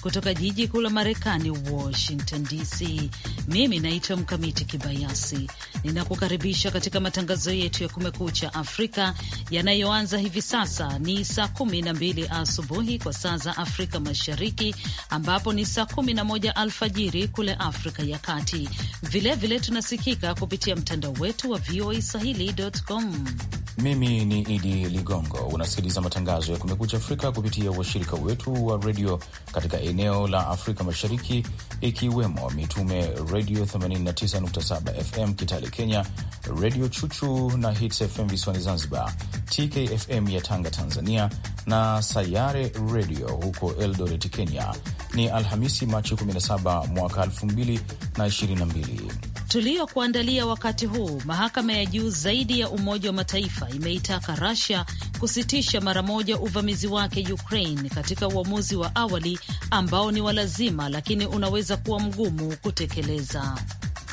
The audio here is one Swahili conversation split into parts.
kutoka jiji kuu la Marekani, Washington DC. Mimi naitwa Mkamiti Kibayasi, ninakukaribisha katika matangazo yetu ya Kumekucha Afrika yanayoanza hivi sasa. Ni saa mbili asubuhi kwa saa za Afrika Mashariki, ambapo ni saa moja alfajiri kule Afrika ya Kati. Vilevile vile tunasikika kupitia mtandao wetu wa VOA Swahili.com. Mimi ni Idi Ligongo. Unasikiliza matangazo ya Kumekucha Afrika kupitia washirika wetu wa redio katika eneo la Afrika Mashariki, ikiwemo Mitume Redio 89.7 FM Kitale Kenya, Redio Chuchu na Hits FM visiwani Zanzibar, TKFM ya Tanga Tanzania, na Sayare Redio huko Eldoret Kenya. Ni Alhamisi, Machi 17 mwaka 2022 tuliyokuandalia wakati huu. Mahakama ya juu zaidi ya Umoja wa Mataifa imeitaka Russia kusitisha mara moja uvamizi wake Ukraine katika uamuzi wa awali ambao ni wa lazima, lakini unaweza kuwa mgumu kutekeleza.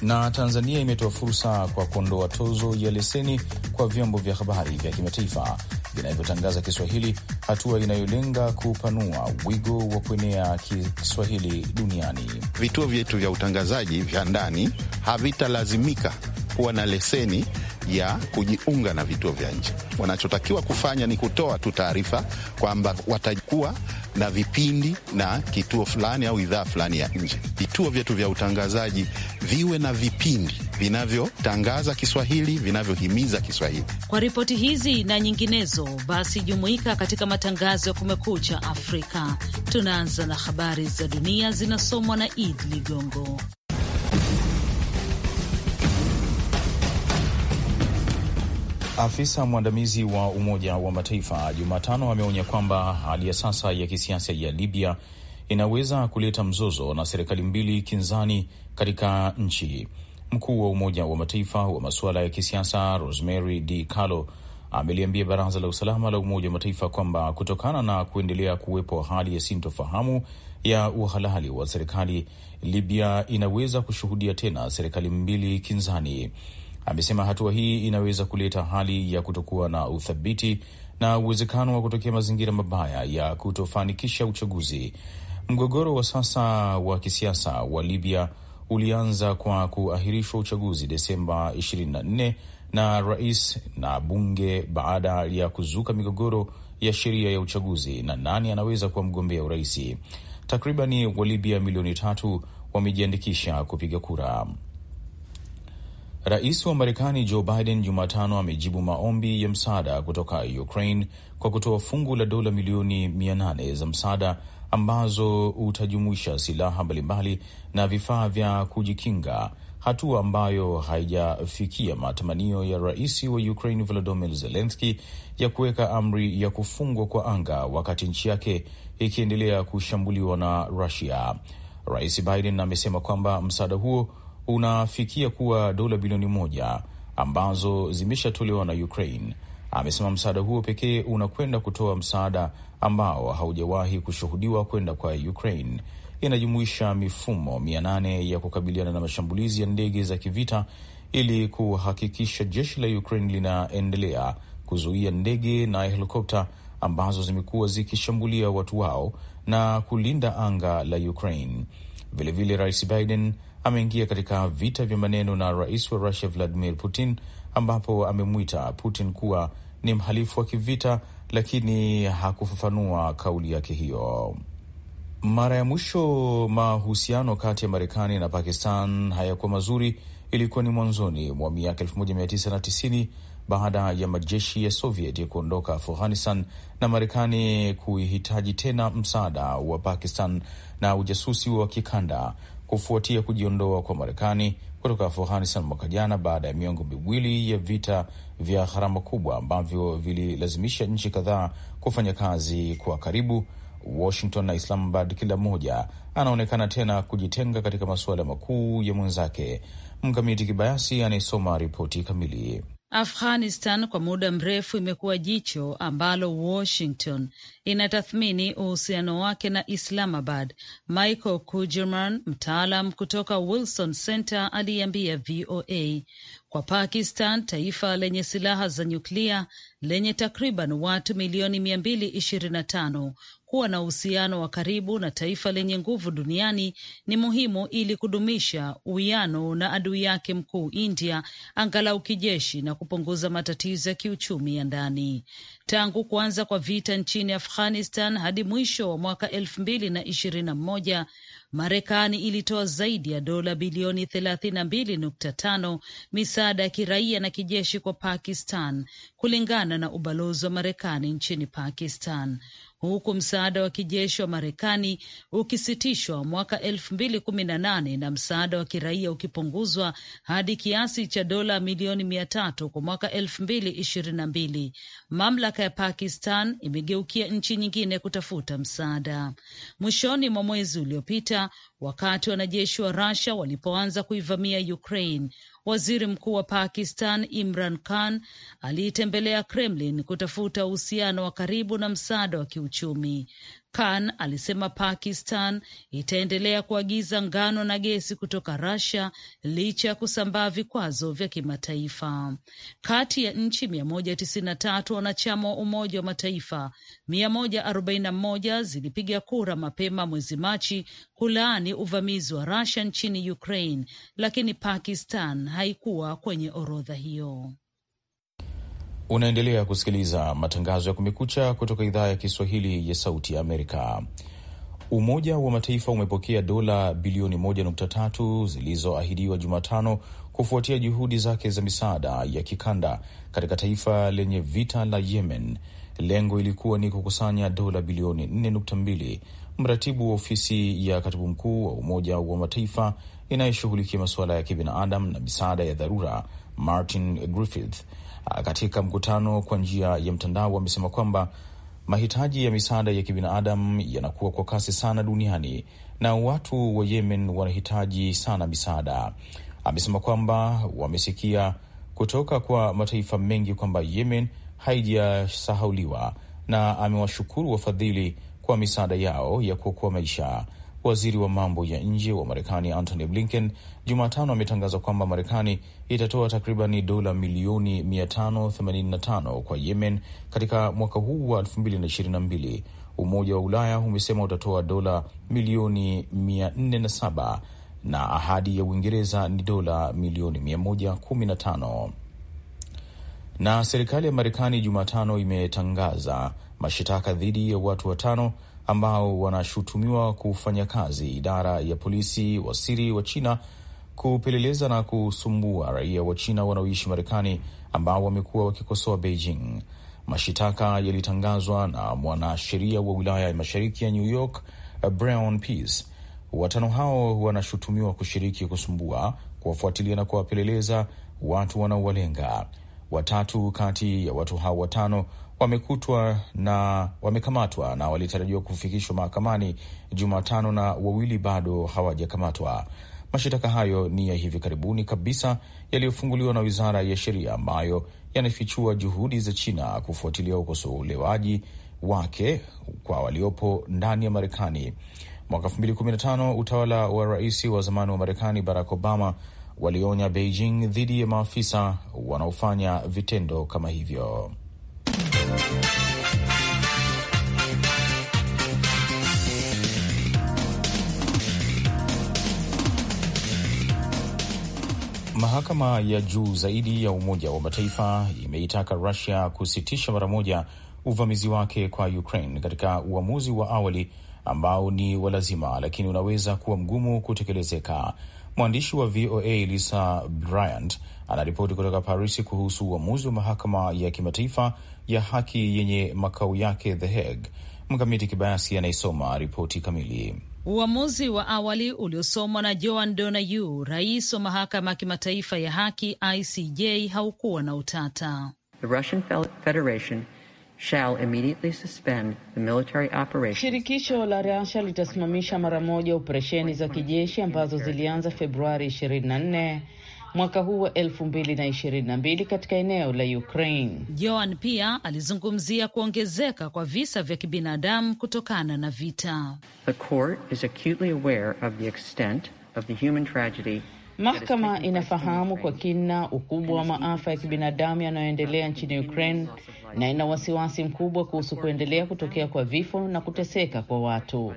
Na Tanzania imetoa fursa kwa kuondoa tozo ya leseni kwa vyombo vya habari vya kimataifa vinavyotangaza Kiswahili hatua inayolenga kupanua wigo wa kuenea Kiswahili duniani. Vituo vyetu vya utangazaji vya ndani havitalazimika kuwa na leseni ya kujiunga na vituo vya nje. Wanachotakiwa kufanya ni kutoa tu taarifa kwamba watakuwa na vipindi na kituo fulani au idhaa fulani ya nje. Vituo vyetu vya utangazaji viwe na vipindi vinavyotangaza Kiswahili, vinavyohimiza Kiswahili. Kwa ripoti hizi na nyinginezo, basi jumuika katika matangazo ya Kumekucha Afrika. Tunaanza na habari za dunia zinasomwa na Id Ligongo. Afisa mwandamizi wa Umoja wa Mataifa Jumatano ameonya kwamba hali ya sasa ya kisiasa ya Libya inaweza kuleta mzozo na serikali mbili kinzani katika nchi. Mkuu wa Umoja wa Mataifa wa masuala ya kisiasa Rosemary Carlo ameliambia Baraza la Usalama la Umoja wa Mataifa kwamba kutokana na kuendelea kuwepo hali ya sintofahamu ya uhalali wa serikali, Libya inaweza kushuhudia tena serikali mbili kinzani. Amesema hatua hii inaweza kuleta hali ya kutokuwa na uthabiti na uwezekano wa kutokea mazingira mabaya ya kutofanikisha uchaguzi. Mgogoro wa sasa wa kisiasa wa Libya ulianza kwa kuahirishwa uchaguzi Desemba 24 na rais na bunge baada ya kuzuka migogoro ya sheria ya uchaguzi na nani anaweza kuwa mgombea urais. Takribani Walibia milioni tatu wamejiandikisha kupiga kura. Rais wa Marekani Joe Biden Jumatano amejibu maombi ya msaada kutoka Ukraine kwa kutoa fungu la dola milioni 800 za msaada ambazo utajumuisha silaha mbalimbali na vifaa vya kujikinga, hatua ambayo haijafikia matamanio ya rais wa Ukraine Volodymyr Zelensky ya kuweka amri ya kufungwa kwa anga wakati nchi yake ikiendelea kushambuliwa na Rusia. Rais Biden amesema kwamba msaada huo unafikia kuwa dola bilioni moja ambazo zimeshatolewa na Ukraine. Amesema msaada huo pekee unakwenda kutoa msaada ambao haujawahi kushuhudiwa kwenda kwa Ukraine. Inajumuisha mifumo mia nane ya kukabiliana na mashambulizi ya ndege za kivita ili kuhakikisha jeshi la Ukraine linaendelea kuzuia ndege na helikopta ambazo zimekuwa zikishambulia watu wao na kulinda anga la Ukraine. Vilevile, Rais Biden ameingia katika vita vya maneno na rais wa Russia Vladimir Putin ambapo amemwita Putin kuwa ni mhalifu wa kivita, lakini hakufafanua kauli yake hiyo. Mara ya mwisho mahusiano kati ya Marekani na Pakistan hayakuwa mazuri ilikuwa ni mwanzoni mwa miaka 1990 baada ya majeshi ya Soviet ya kuondoka Afghanistan na Marekani kuihitaji tena msaada wa Pakistan na ujasusi wa kikanda kufuatia kujiondoa kwa Marekani kutoka Afghanistan mwaka jana baada ya miongo miwili ya vita vya gharama kubwa ambavyo vililazimisha nchi kadhaa kufanya kazi kwa karibu. Washington na Islamabad, kila mmoja anaonekana tena kujitenga katika masuala makuu ya mwenzake. Mkamiti Kibayasi anayesoma ripoti kamili. Afghanistan kwa muda mrefu imekuwa jicho ambalo Washington inatathmini uhusiano wake na Islamabad. Michael Kujerman, mtaalam kutoka Wilson Center, aliambia VOA kwa Pakistan, taifa lenye silaha za nyuklia, lenye takriban watu milioni 225 kuwa na uhusiano wa karibu na taifa lenye nguvu duniani ni muhimu ili kudumisha uwiano na adui yake mkuu India, angalau kijeshi, na kupunguza matatizo ya kiuchumi ya ndani. Tangu kuanza kwa vita nchini Afghanistan hadi mwisho wa mwaka elfu mbili na ishirini na moja Marekani ilitoa zaidi ya dola bilioni 32.5 misaada ya kiraia na kijeshi kwa Pakistan, kulingana na ubalozi wa Marekani nchini Pakistan, huku msaada wa kijeshi wa Marekani ukisitishwa mwaka elfu mbili kumi na nane na msaada wa kiraia ukipunguzwa hadi kiasi cha dola milioni mia tatu kwa mwaka elfu mbili ishirini na mbili. Mamlaka ya Pakistan imegeukia nchi nyingine kutafuta msaada. Mwishoni mwa mwezi uliopita, wakati wanajeshi wa Russia walipoanza kuivamia Ukraine, waziri mkuu wa Pakistan Imran Khan aliitembelea Kremlin kutafuta uhusiano wa karibu na msaada wa kiuchumi. Khan alisema Pakistan itaendelea kuagiza ngano na gesi kutoka Russia licha ya kusambaa vikwazo vya kimataifa. Kati ya nchi 193 wanachama wa Umoja wa Mataifa, 141 zilipiga kura mapema mwezi Machi kulaani uvamizi wa Russia nchini Ukraine, lakini Pakistan haikuwa kwenye orodha hiyo. Unaendelea kusikiliza matangazo ya Kumekucha kutoka idhaa ya Kiswahili ya Sauti ya Amerika. Umoja wa Mataifa umepokea dola bilioni 1.3 zilizoahidiwa Jumatano kufuatia juhudi zake za misaada ya kikanda katika taifa lenye vita la Yemen. Lengo ilikuwa ni kukusanya dola bilioni 4.2. Mratibu wa ofisi ya katibu mkuu wa Umoja wa Mataifa inayeshughulikia masuala ya kibinadamu na misaada ya dharura Martin Griffith Ah, katika mkutano kwa njia ya mtandao wamesema kwamba mahitaji ya misaada ya kibinadamu yanakuwa kwa kasi sana duniani na watu wa Yemen wanahitaji sana misaada. Amesema kwamba wamesikia kutoka kwa mataifa mengi kwamba Yemen haijasahauliwa na amewashukuru wafadhili kwa misaada yao ya kuokoa maisha. Waziri wa mambo ya nje wa Marekani Antony Blinken Jumatano ametangaza kwamba Marekani itatoa takribani dola milioni 585 kwa Yemen katika mwaka huu wa 2022. Umoja wa Ulaya umesema utatoa dola milioni 407 na ahadi ya Uingereza ni dola milioni 115. Na serikali ya Marekani Jumatano imetangaza mashitaka dhidi ya watu watano ambao wanashutumiwa kufanya kazi idara ya polisi wa siri wa China kupeleleza na kusumbua raia wa China wanaoishi Marekani ambao wamekuwa wakikosoa Beijing. Mashitaka yalitangazwa na mwanasheria wa wilaya ya mashariki ya New York, Brown Peace. Watano hao wanashutumiwa kushiriki kusumbua, kuwafuatilia na kuwapeleleza watu wanaowalenga. Watatu kati ya watu hao watano wamekutwa na wamekamatwa na walitarajiwa kufikishwa mahakamani Jumatano na wawili bado hawajakamatwa. Mashitaka hayo ni ya hivi karibuni kabisa yaliyofunguliwa na wizara ya sheria ambayo yanafichua juhudi za China kufuatilia ukosolewaji wake kwa waliopo ndani ya Marekani. Mwaka 2015 utawala wa rais wa zamani wa Marekani Barack Obama walionya Beijing dhidi ya maafisa wanaofanya vitendo kama hivyo. Mahakama ya juu zaidi ya Umoja wa Mataifa imeitaka Rusia kusitisha mara moja uvamizi wake kwa Ukraine katika uamuzi wa awali ambao ni wa lazima, lakini unaweza kuwa mgumu kutekelezeka. Mwandishi wa VOA Lisa Bryant anaripoti kutoka Paris kuhusu uamuzi wa mahakama ya kimataifa ya haki yenye makao yake The Hague. Mkamiti Kibayasi anayesoma ripoti kamili. Uamuzi wa awali uliosomwa na Joan Donayu, rais wa mahakama ya kimataifa ya haki ICJ, haukuwa na utata. The Russian Federation shall immediately suspend the military operations. Shirikisho la Russia litasimamisha mara moja operesheni za kijeshi ambazo zilianza Februari 24 mwaka huu wa 2022 katika eneo la Ukraine. Joan pia alizungumzia kuongezeka kwa visa vya kibinadamu kutokana na vita. The court is acutely aware of the extent of the human tragedy Mahakama inafahamu kwa kina ukubwa wa maafa ya kibinadamu yanayoendelea nchini Ukraine na ina wasiwasi mkubwa kuhusu kuendelea kutokea kwa vifo na kuteseka kwa watu.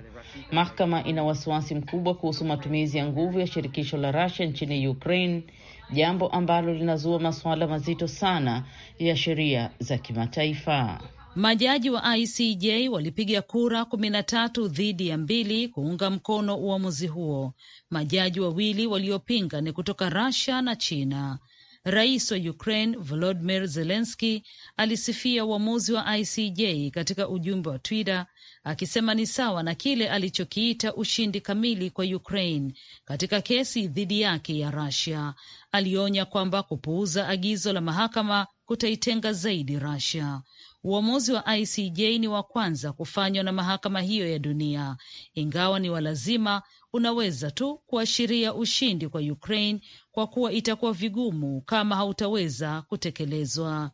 Mahakama ina wasiwasi mkubwa kuhusu matumizi ya nguvu ya shirikisho la Russia nchini Ukraine, jambo ambalo linazua masuala mazito sana ya sheria za kimataifa. Majaji wa ICJ walipiga kura kumi na tatu dhidi ya mbili kuunga mkono uamuzi huo. Majaji wawili waliopinga ni kutoka Russia na China. Rais wa Ukraine Volodymyr Zelensky alisifia uamuzi wa ICJ katika ujumbe wa Twitter akisema ni sawa na kile alichokiita ushindi kamili kwa Ukraine katika kesi dhidi yake ya Russia. Alionya kwamba kupuuza agizo la mahakama kutaitenga zaidi Russia. Uamuzi wa ICJ ni wa kwanza kufanywa na mahakama hiyo ya dunia, ingawa ni wa lazima, unaweza tu kuashiria ushindi kwa Ukraine kwa kuwa itakuwa vigumu kama hautaweza kutekelezwa.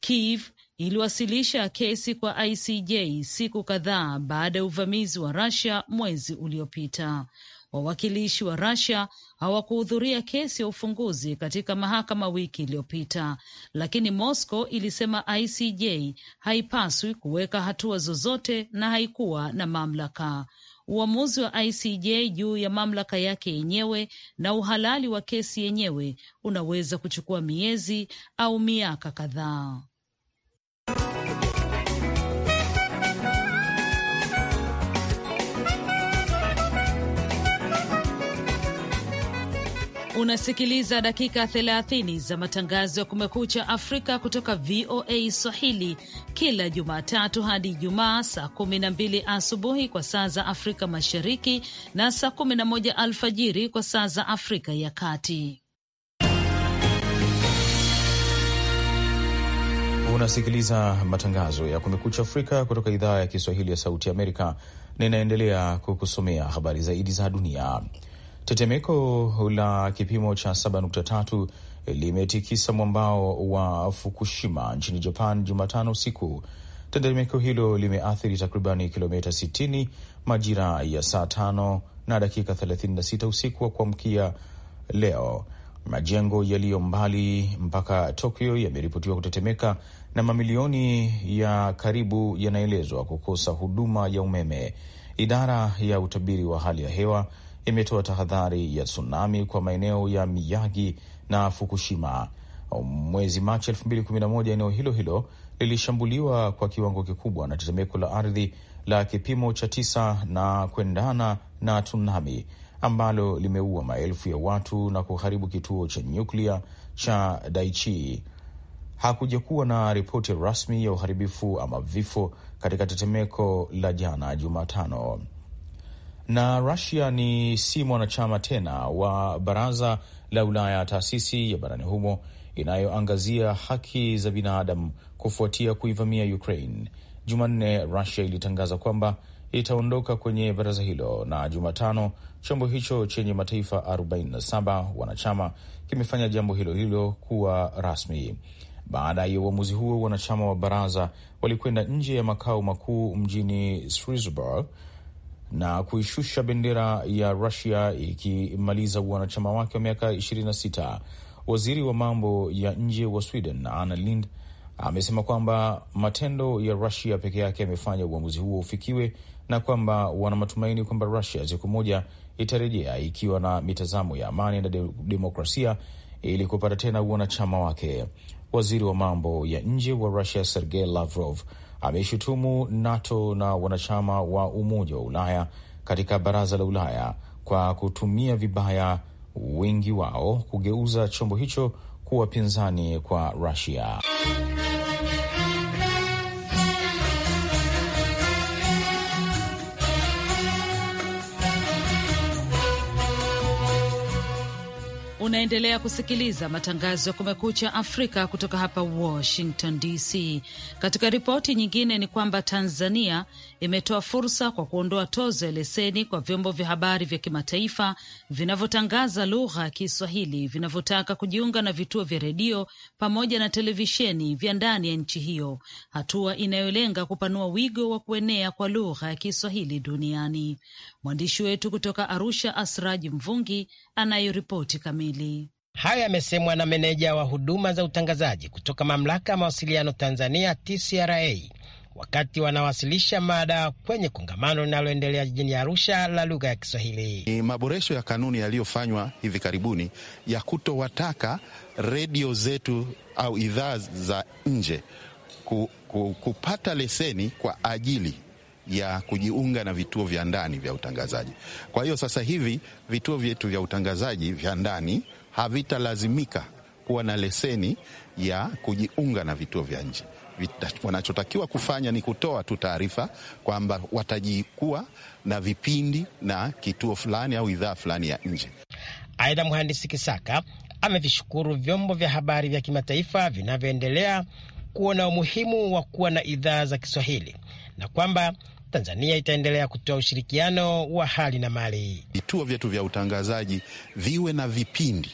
Kiev iliwasilisha kesi kwa ICJ siku kadhaa baada ya uvamizi wa Russia mwezi uliopita. Wawakilishi wa Russia hawakuhudhuria kesi ya ufunguzi katika mahakama wiki iliyopita, lakini Moscow ilisema ICJ haipaswi kuweka hatua zozote na haikuwa na mamlaka. Uamuzi wa ICJ juu ya mamlaka yake yenyewe na uhalali wa kesi yenyewe unaweza kuchukua miezi au miaka kadhaa. Unasikiliza dakika 30 za matangazo ya Kumekucha Afrika kutoka VOA Swahili kila Jumatatu hadi Ijumaa saa 12 asubuhi kwa saa za Afrika Mashariki na saa 11 alfajiri kwa saa za Afrika ya Kati. Unasikiliza matangazo ya Kumekucha Afrika kutoka idhaa ya Kiswahili ya Sauti Amerika, na inaendelea kukusomea habari zaidi za dunia. Tetemeko la kipimo cha 7.3 limetikisa mwambao wa Fukushima nchini Japan Jumatano usiku. Tetemeko hilo limeathiri takribani kilomita 60 majira ya saa tano na dakika 36 usiku wa kuamkia leo. Majengo yaliyo mbali mpaka Tokyo yameripotiwa kutetemeka na mamilioni ya karibu yanaelezwa kukosa huduma ya umeme. Idara ya utabiri wa hali ya hewa imetoa tahadhari ya tsunami kwa maeneo ya Miyagi na Fukushima. Mwezi Machi 2011 eneo hilo hilo lilishambuliwa kwa kiwango kikubwa na tetemeko la ardhi la kipimo cha tisa na kuendana na tsunami ambalo limeua maelfu ya watu na kuharibu kituo cha nyuklia cha Daiichi. Hakujakuwa na ripoti rasmi ya uharibifu ama vifo katika tetemeko la jana Jumatano na Rusia ni si mwanachama tena wa Baraza la Ulaya, taasisi ya barani humo inayoangazia haki za binadamu kufuatia kuivamia Ukraine. Jumanne Rusia ilitangaza kwamba itaondoka kwenye baraza hilo, na Jumatano chombo hicho chenye mataifa 47 wanachama kimefanya jambo hilo hilo kuwa rasmi. Baada ya uamuzi huo, wanachama wa baraza walikwenda nje ya makao makuu mjini Strasbourg na kuishusha bendera ya Rusia ikimaliza wanachama wake wa miaka 26. Waziri wa mambo ya nje wa Sweden Anna Lind amesema kwamba matendo ya Rusia peke yake yamefanya uamuzi huo ufikiwe na kwamba wana matumaini kwamba Rusia siku moja itarejea ikiwa na mitazamo ya amani na de demokrasia ili kupata tena wanachama wake. Waziri wa mambo ya nje wa Rusia Sergei Lavrov ameishutumu NATO na wanachama wa Umoja wa Ulaya katika Baraza la Ulaya kwa kutumia vibaya wengi wao kugeuza chombo hicho kuwa pinzani kwa Rusia. Unaendelea kusikiliza matangazo ya Kumekucha Afrika kutoka hapa Washington DC. Katika ripoti nyingine ni kwamba Tanzania imetoa fursa kwa kuondoa tozo ya leseni kwa vyombo vya habari vya kimataifa vinavyotangaza lugha ya Kiswahili vinavyotaka kujiunga na vituo vya redio pamoja na televisheni vya ndani ya nchi hiyo, hatua inayolenga kupanua wigo wa kuenea kwa lugha ya Kiswahili duniani. Mwandishi wetu kutoka Arusha, Asraji Mvungi, anayoripoti kamili mbili. Haya yamesemwa na meneja wa huduma za utangazaji kutoka mamlaka ya mawasiliano Tanzania, TCRA, wakati wanawasilisha mada kwenye kongamano linaloendelea jijini Arusha la lugha ya Kiswahili. Ni maboresho ya kanuni yaliyofanywa hivi karibuni ya kutowataka redio zetu au idhaa za nje ku, ku, kupata leseni kwa ajili ya kujiunga na vituo vya ndani vya utangazaji. Kwa hiyo sasa hivi vituo vyetu vya utangazaji vya ndani havitalazimika kuwa na leseni ya kujiunga na vituo vya nje. Wanachotakiwa kufanya ni kutoa tu taarifa kwamba watajikuwa na vipindi na kituo fulani au idhaa fulani ya nje. Aidha, mhandisi Kisaka amevishukuru vyombo vya habari vya kimataifa vinavyoendelea kuona umuhimu wa kuwa na idhaa za Kiswahili na kwamba Tanzania itaendelea kutoa ushirikiano wa hali na mali. Vituo vyetu vya utangazaji viwe na vipindi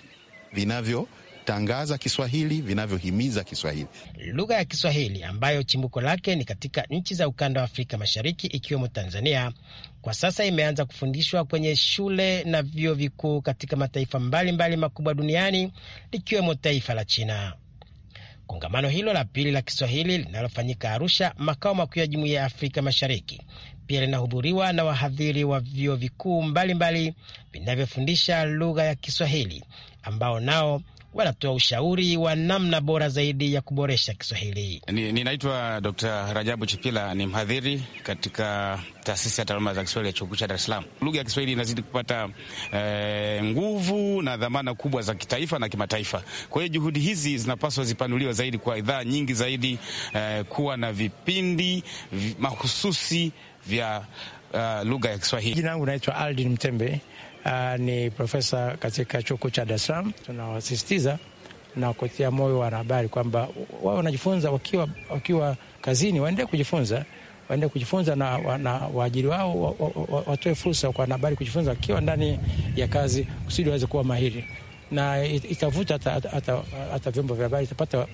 vinavyo tangaza Kiswahili vinavyohimiza Kiswahili. Lugha ya Kiswahili ambayo chimbuko lake ni katika nchi za ukanda wa Afrika Mashariki ikiwemo Tanzania, kwa sasa imeanza kufundishwa kwenye shule na vyuo vikuu katika mataifa mbalimbali makubwa duniani likiwemo taifa la China. Kongamano hilo la pili la Kiswahili linalofanyika Arusha, makao makuu ya Jumuiya ya Afrika Mashariki, pia linahudhuriwa na wahadhiri wa vyuo vikuu mbalimbali vinavyofundisha lugha ya Kiswahili ambao nao wanatoa ushauri wa namna bora zaidi ya kuboresha Kiswahili. Ninaitwa ni Dr. Rajabu Chipila, ni mhadhiri katika taasisi ya taaluma za Kiswahili ya chuo kikuu cha Dar es Salaam. Lugha ya Kiswahili inazidi kupata e, nguvu na dhamana kubwa za kitaifa na kimataifa. Kwa hiyo juhudi hizi zinapaswa zipanuliwe zaidi kwa idhaa nyingi zaidi, e, kuwa na vipindi mahususi vya uh, lugha ya Kiswahili. Jina langu naitwa Aldin Mtembe uh, ni profesa katika chuo kikuu cha Dar es Salaam. Tunawasisitiza na kutia moyo wanahabari kwamba wao wanajifunza wakiwa, wakiwa kazini, waendelee kujifunza waende kujifunza na, na waajiri wao watoe fursa kwa wanahabari kujifunza wakiwa ndani ya kazi kusudi waweze kuwa mahiri na itavuta hata vyombo vya habari itapata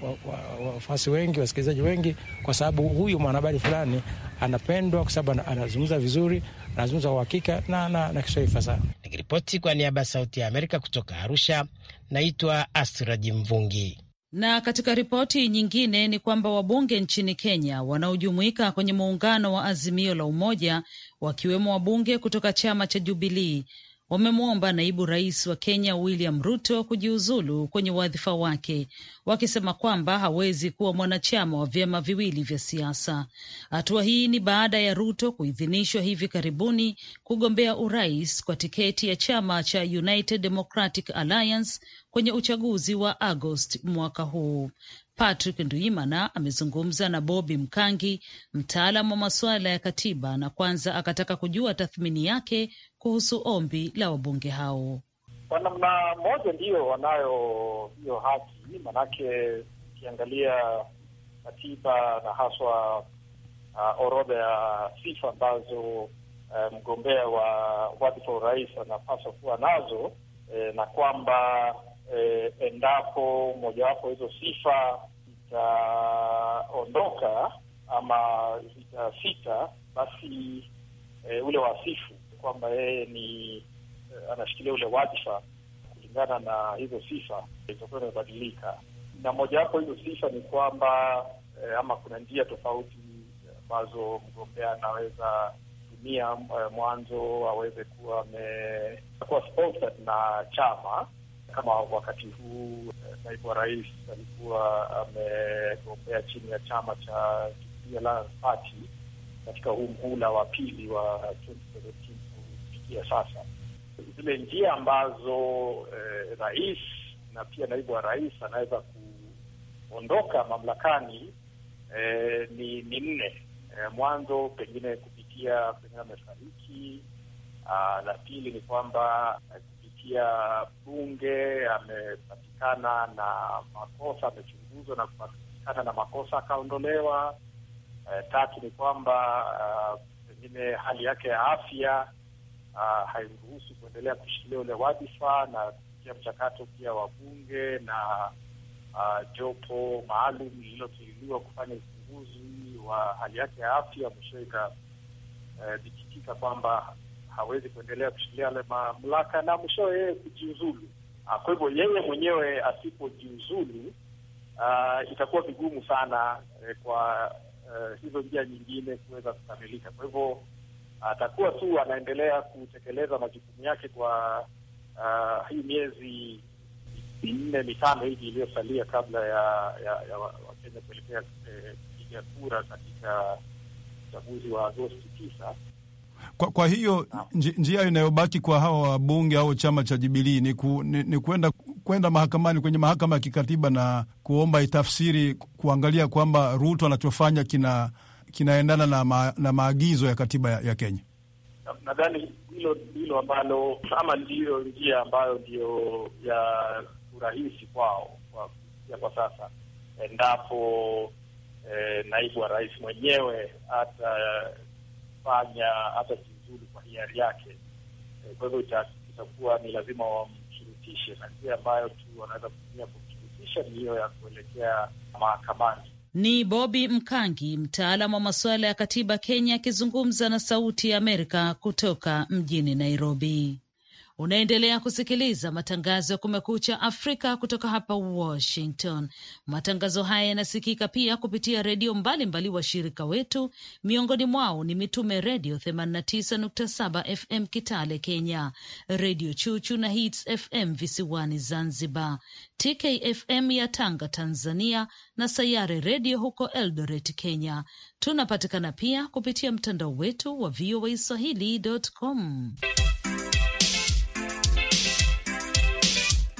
wafuasi wa, wa, wengi wasikilizaji wengi, kwa sababu huyu mwanahabari fulani anapendwa, kwa sababu anazungumza vizuri, anazungumza kwa uhakika na, na, na Kiswahili fasaha. Nikiripoti kwa niaba ya Sauti ya Amerika kutoka Arusha, naitwa Astraji Mvungi. Na katika ripoti nyingine ni kwamba wabunge nchini Kenya wanaojumuika kwenye muungano wa Azimio la Umoja, wakiwemo wabunge kutoka chama cha Jubilii wamemwomba naibu rais wa Kenya William Ruto kujiuzulu kwenye wadhifa wake, wakisema kwamba hawezi kuwa mwanachama wa vyama viwili vya siasa. Hatua hii ni baada ya Ruto kuidhinishwa hivi karibuni kugombea urais kwa tiketi ya chama cha United Democratic Alliance kwenye uchaguzi wa Agosti mwaka huu. Patrick Nduimana amezungumza na Bobi Mkangi, mtaalam wa masuala ya katiba, na kwanza akataka kujua tathmini yake kuhusu ombi la wabunge hao. Kwa namna moja, ndiyo wanayo hiyo haki, manake ukiangalia katiba na haswa uh, orodha ya sifa ambazo uh, mgombea wa wadhifa urais anapaswa kuwa nazo eh, na kwamba eh, endapo mojawapo hizo sifa itaondoka ama itasita, basi eh, ule wasifu kwamba yeye ni eh, anashikilia ule wadhifa kulingana na hizo sifa itakuwa imebadilika. Na mojawapo hizo sifa ni kwamba eh, ama kuna njia tofauti ambazo mgombea anaweza tumia eh, mwanzo aweze kuwa amekuwa sponsored na chama kama wakati huu eh, naibu wa rais alikuwa amegombea chini ya chama cha Alliance Party katika huu mhula wa pili wa 2017 kufikia sasa, zile njia ambazo eh, rais na pia naibu wa rais anaweza kuondoka mamlakani eh, ni, ni nne eh, mwanzo pengine kupitia pengine amefariki. Ah, la pili ni kwamba pia bunge amepatikana na makosa, amechunguzwa na kupatikana na makosa akaondolewa. E, tatu ni kwamba eh, pengine hali yake ya afya eh, haimruhusu kuendelea kushikilia ule wadhifa, na kupitia mchakato pia wa bunge na Uh, jopo maalum lililoteuliwa kufanya uchunguzi wa hali yake ya afya mwisho ikathibitika uh, kwamba hawezi kuendelea kushikilia yale mamlaka na mwishowe yeye kujiuzulu. Ah, kwa hivyo yeye mwenyewe asipojiuzulu, uh, itakuwa vigumu sana eh, kwa eh, hizo njia nyingine kuweza kukamilika. Kwa hivyo atakuwa tu anaendelea kutekeleza majukumu yake kwa uh, hii miezi minne mitano hivi iliyosalia kabla ya, ya, ya Wakenya kuelekea eh, kupiga eh, kura katika uchaguzi wa Agosti tisa. Kwa, kwa hiyo ah. njia inayobaki kwa hawa wabunge au chama cha jibilii ni, ku, ni, ni kwenda kwenda mahakamani kwenye mahakama ya kikatiba na kuomba itafsiri kuangalia kwamba Ruto anachofanya kina kinaendana na, ma, na maagizo ya katiba ya, ya Kenya. Nadhani hilo ndilo ambalo ama ndiyo njia ambayo ndiyo ya urahisi kwao kwa kufikia kwa sasa, endapo eh, naibu wa rais mwenyewe hata eh, kufanya hata vizuri kwa hiari yake. Eh, kwa hivyo itakuwa ni lazima wamshurutishe, na njia ambayo tu wanaweza kutumia kumshurutisha ni hiyo ya kuelekea mahakamani. Ni Bobi Mkangi, mtaalam wa masuala ya katiba Kenya, akizungumza na Sauti ya Amerika kutoka mjini Nairobi. Unaendelea kusikiliza matangazo ya Kumekucha Afrika kutoka hapa Washington. Matangazo haya yanasikika pia kupitia redio mbalimbali washirika wetu, miongoni mwao ni Mitume Redio 89.7 FM Kitale Kenya, Redio Chuchu na Hits FM visiwani Zanzibar, TKFM ya Tanga Tanzania na Sayare Redio huko Eldoret Kenya. Tunapatikana pia kupitia mtandao wetu wa VOA swahili.com.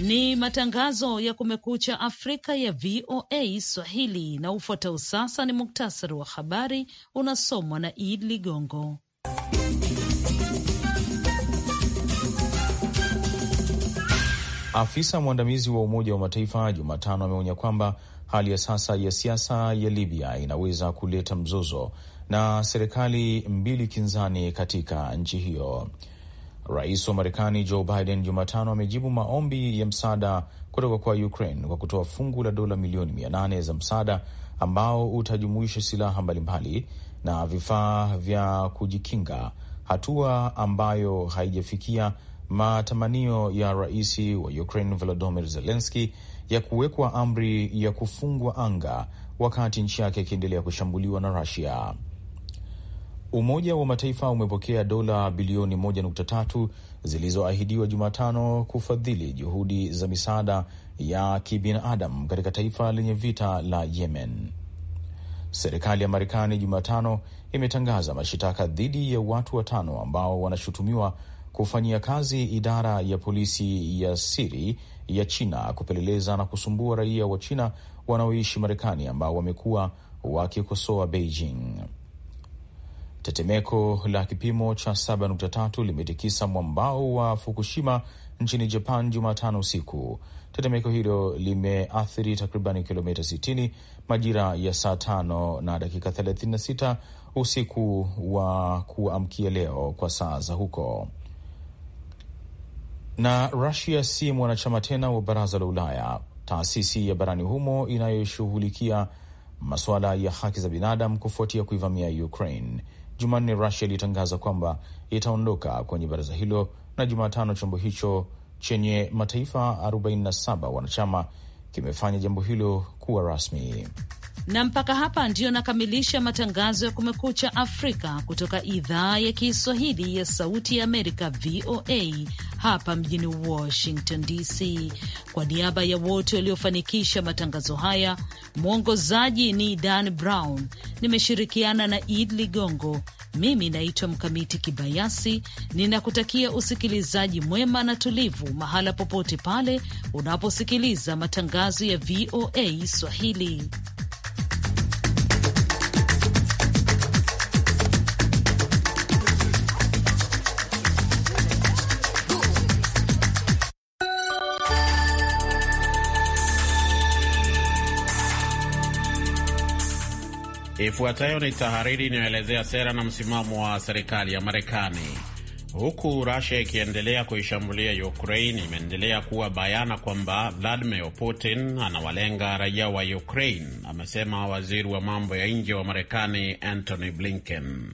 Ni matangazo ya Kumekucha Afrika ya VOA Swahili, na ufuatao sasa ni muktasari wa habari unasomwa na Id Ligongo. Afisa mwandamizi wa Umoja wa Mataifa Jumatano ameonya kwamba hali ya sasa ya siasa ya Libya inaweza kuleta mzozo na serikali mbili kinzani katika nchi hiyo. Rais wa Marekani Joe Biden Jumatano amejibu maombi ya msaada kutoka kwa Ukraine kwa kutoa fungu la dola milioni mia za msaada ambao utajumuisha silaha mbalimbali na vifaa vya kujikinga, hatua ambayo haijafikia matamanio ya rais wa Ukraine Volodymyr Zelensky ya kuwekwa amri ya kufungwa anga wakati nchi yake ikiendelea kushambuliwa na Rusia. Umoja wa Mataifa umepokea dola bilioni 1.3 zilizoahidiwa Jumatano kufadhili juhudi za misaada ya kibinadamu katika taifa lenye vita la Yemen. Serikali ya Marekani Jumatano imetangaza mashitaka dhidi ya watu watano ambao wanashutumiwa kufanyia kazi idara ya polisi ya siri ya China kupeleleza na kusumbua raia wa China wanaoishi Marekani ambao wamekuwa wakikosoa Beijing. Tetemeko la kipimo cha 7.3 limetikisa mwambao wa Fukushima nchini Japan Jumatano usiku. Tetemeko hilo limeathiri takriban kilomita 60 majira ya saa tano na dakika 36 usiku wa kuamkia leo kwa saa za huko. Na Rusia si mwanachama tena wa Baraza la Ulaya, taasisi ya barani humo inayoshughulikia masuala ya haki za binadamu, kufuatia kuivamia Ukraine. Jumanne Rusia ilitangaza kwamba itaondoka kwenye baraza hilo, na Jumatano chombo hicho chenye mataifa 47 wanachama kimefanya jambo hilo kuwa rasmi. Na mpaka hapa ndiyo nakamilisha matangazo ya Kumekucha Afrika kutoka idhaa ya Kiswahili ya Sauti ya Amerika, VOA hapa mjini Washington DC. Kwa niaba ya wote waliofanikisha matangazo haya, mwongozaji ni Dan Brown, nimeshirikiana na Id Ligongo. Mimi naitwa Mkamiti Kibayasi, ninakutakia usikilizaji mwema na tulivu mahala popote pale unaposikiliza matangazo ya VOA Swahili. Ifuatayo ni tahariri inayoelezea sera na msimamo wa serikali ya Marekani. Huku Rusia ikiendelea kuishambulia Ukraine, imeendelea kuwa bayana kwamba Vladimir Putin anawalenga raia wa Ukraine, amesema waziri wa mambo ya nje wa Marekani Antony Blinken.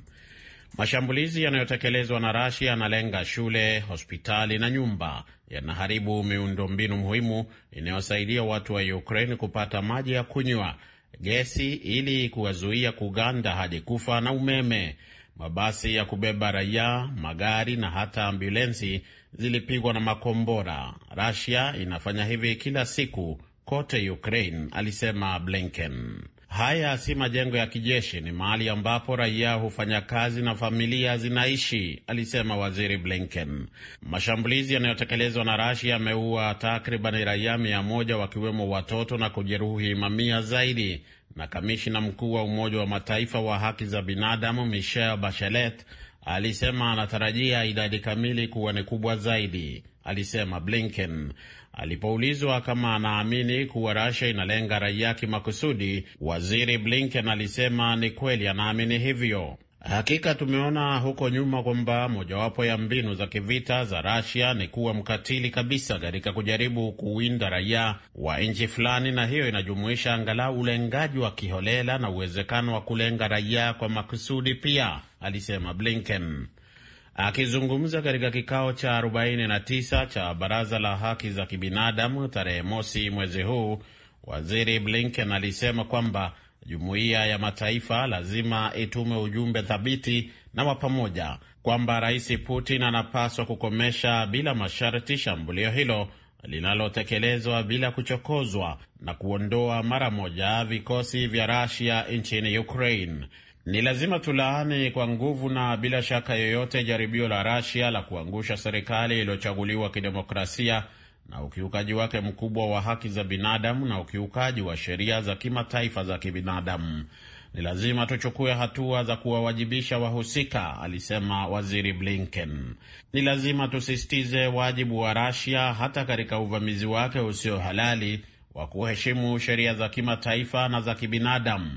Mashambulizi yanayotekelezwa na Rusia yanalenga shule, hospitali na nyumba, yanaharibu miundombinu muhimu inayosaidia watu wa Ukraine kupata maji ya kunywa gesi ili kuwazuia kuganda hadi kufa na umeme. Mabasi ya kubeba raia, magari na hata ambulensi zilipigwa na makombora. Russia inafanya hivi kila siku kote Ukraine, alisema Blinken. Haya si majengo ya kijeshi, ni mahali ambapo raia hufanya kazi na familia zinaishi, alisema waziri Blinken. Mashambulizi yanayotekelezwa na Rasia yameua takribani raia mia moja wakiwemo watoto na kujeruhi mamia zaidi. Na kamishina mkuu wa Umoja wa Mataifa wa haki za binadamu Michelle Bachelet alisema anatarajia idadi kamili kuwa ni kubwa zaidi alisema Blinken alipoulizwa kama anaamini kuwa Russia inalenga raia kimakusudi. Waziri Blinken alisema ni kweli anaamini hivyo. Hakika tumeona huko nyuma kwamba mojawapo ya mbinu za kivita za Russia ni kuwa mkatili kabisa katika kujaribu kuwinda raia wa nchi fulani, na hiyo inajumuisha angalau ulengaji wa kiholela na uwezekano wa kulenga raia kwa makusudi pia, alisema Blinken. Akizungumza katika kikao cha 49 cha Baraza la Haki za Kibinadamu tarehe mosi mwezi huu, Waziri Blinken alisema kwamba jumuiya ya mataifa lazima itume ujumbe thabiti na wa pamoja kwamba Rais Putin anapaswa kukomesha bila masharti shambulio hilo linalotekelezwa bila kuchokozwa na kuondoa mara moja vikosi vya Rusia nchini Ukraine. Ni lazima tulaani kwa nguvu na bila shaka yoyote jaribio la Rasia la kuangusha serikali iliyochaguliwa kidemokrasia na ukiukaji wake mkubwa wa haki za binadamu na ukiukaji wa sheria za kimataifa za kibinadamu. Ni lazima tuchukue hatua za kuwawajibisha wahusika, alisema Waziri Blinken. Ni lazima tusisitize wajibu wa Rasia hata katika uvamizi wake usio halali wa kuheshimu sheria za kimataifa na za kibinadamu.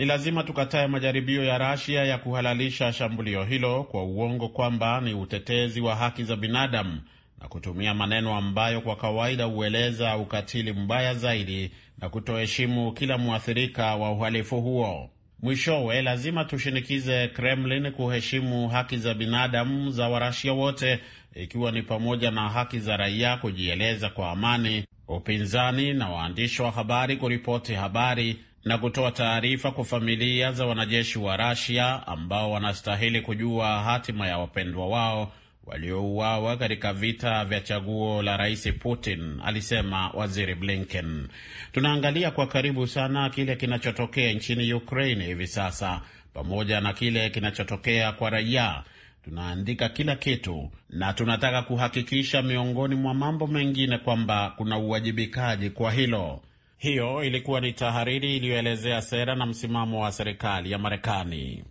Ni lazima tukatae majaribio ya Rasia ya kuhalalisha shambulio hilo kwa uongo kwamba ni utetezi wa haki za binadamu na kutumia maneno ambayo kwa kawaida hueleza ukatili mbaya zaidi na kutoheshimu kila mwathirika wa uhalifu huo. Mwishowe, lazima tushinikize Kremlin kuheshimu haki za binadamu za Warasia wote, ikiwa ni pamoja na haki za raia kujieleza kwa amani, upinzani na waandishi wa habari kuripoti habari na kutoa taarifa kwa familia za wanajeshi wa Rasia ambao wanastahili kujua hatima ya wapendwa wao waliouawa katika vita vya chaguo la rais Putin, alisema waziri Blinken. Tunaangalia kwa karibu sana kile kinachotokea nchini Ukraine hivi sasa, pamoja na kile kinachotokea kwa raia. Tunaandika kila kitu na tunataka kuhakikisha, miongoni mwa mambo mengine, kwamba kuna uwajibikaji kwa hilo. Hiyo ilikuwa ni tahariri iliyoelezea sera na msimamo wa serikali ya Marekani.